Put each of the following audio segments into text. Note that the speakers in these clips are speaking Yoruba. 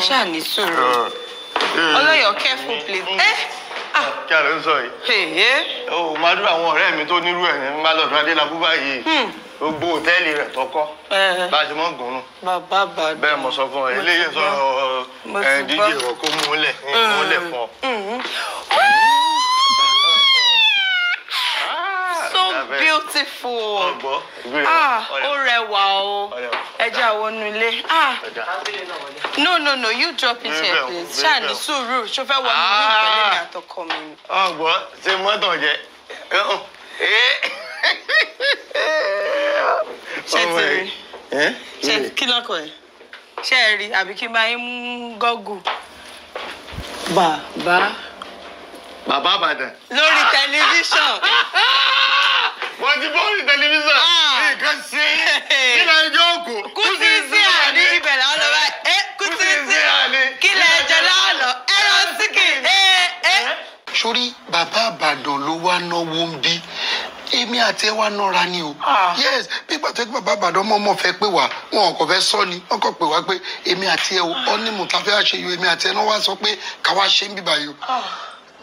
ṣáà ní sùúrù uh, uh, ọlọ́yọ̀ careful uh, please. Eh, ah. kí a ń sọ yìí. Eh. o máa dúró àwọn ọ̀rẹ́ mi tó nírú ẹ̀ ń bá lọ́dún báyìí hmm. gbogbo òtẹ́ẹ̀lì rẹ̀ tọkọ eh. bá a ṣe mọ́ gùnrùn. bàbá bàdùn bẹ́ẹ̀ mo sọ fún ọ eléyìí sọ dídì ìwọ kó mú lẹ̀ hmm. mú lẹ̀ fún ọ. Hmm. Ah. so beautiful ah, ó rẹwà o ẹjẹ àwọnú ilé ah. no no no you drop it here please ṣáàní sùúrù ṣó fẹ́ wọnú ilé ìpínlẹ̀ mi àtọkọ mi. ọgbọ ah, ṣe mọtò jẹ ṣe ti rí ṣe kí lọkọ ẹ ṣe ẹ rí àbí kí n bá yín mú gọgù. bàbá. bàbá àbàdàn. lórí tẹlifíṣàn. wọ́n ti bọ́ orí tẹlifíṣàn ah. nǹkan ṣe. sórí bàbá àbàdàn ló wá náwó ń bí èmi àti ẹ wá nọra ni o ah. yes bí pàtó ẹgbẹ bàbá àbàdàn ọmọ ọmọ fẹ́ pé wá wọn kò fẹ́ sọ ni wọn kò pè wá pé èmi àti ẹ ọ ní mò ń ta fẹ́ àṣeyọ èmi àti ẹ náà wá sọ pé káwá ṣe ń bíbá yìí o ah.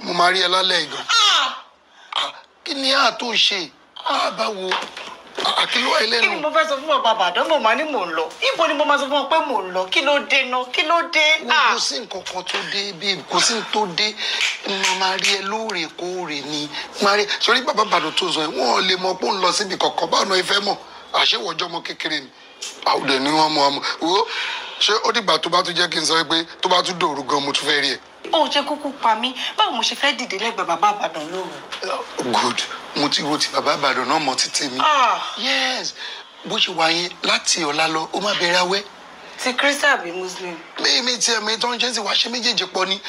mo máa rí ẹ lálẹ́ ìgàn ah. kí ni àtúnṣe àbáwo kí ló wà ilé nu. kí ni mo fẹ́ sọ fún bàbá àbàdàn mo máa ní mò ń lọ ibo ni mo máa sọ fún ọ pé mò ń lọ kí ló dé ná kí ló dé. kò ah. sí nǹkan kan tó dé bíi kò sí tó dé mo rí ẹ lóòrèkóòrè ni máa rí sórí bàbá àbàdàn tó sọ ẹ wọn lè mọ pé ó ń lọ síbi kankan báwọn náà fẹ́ mọ̀ àṣewọ̀jọ́ ọmọ kékeré ni àwùjọ ni wọ́n mọ̀ ọmọ wo ṣé ó dìgbà tó bá tún jẹ́ kí n sọ pé tó bá tún dòru gan mo tún fẹ́ rí ẹ ó jẹ́ kúkú pa mí báwo mo ṣe fẹ́ dìde lẹ́gbẹ̀ẹ́ bàbá àbàdàn lóru. good mo ti wo ti bàbá àbàdàn náà mọ títí mi. Ah. yes bó ṣe wà yẹn láti ọ̀la lọ ó má bẹ̀rẹ̀ awẹ́. ti christian àbí muslim. mi mi tiẹ̀ mi tó ń jẹ́ sí wàá ṣe méjèèjì pọ̀ ni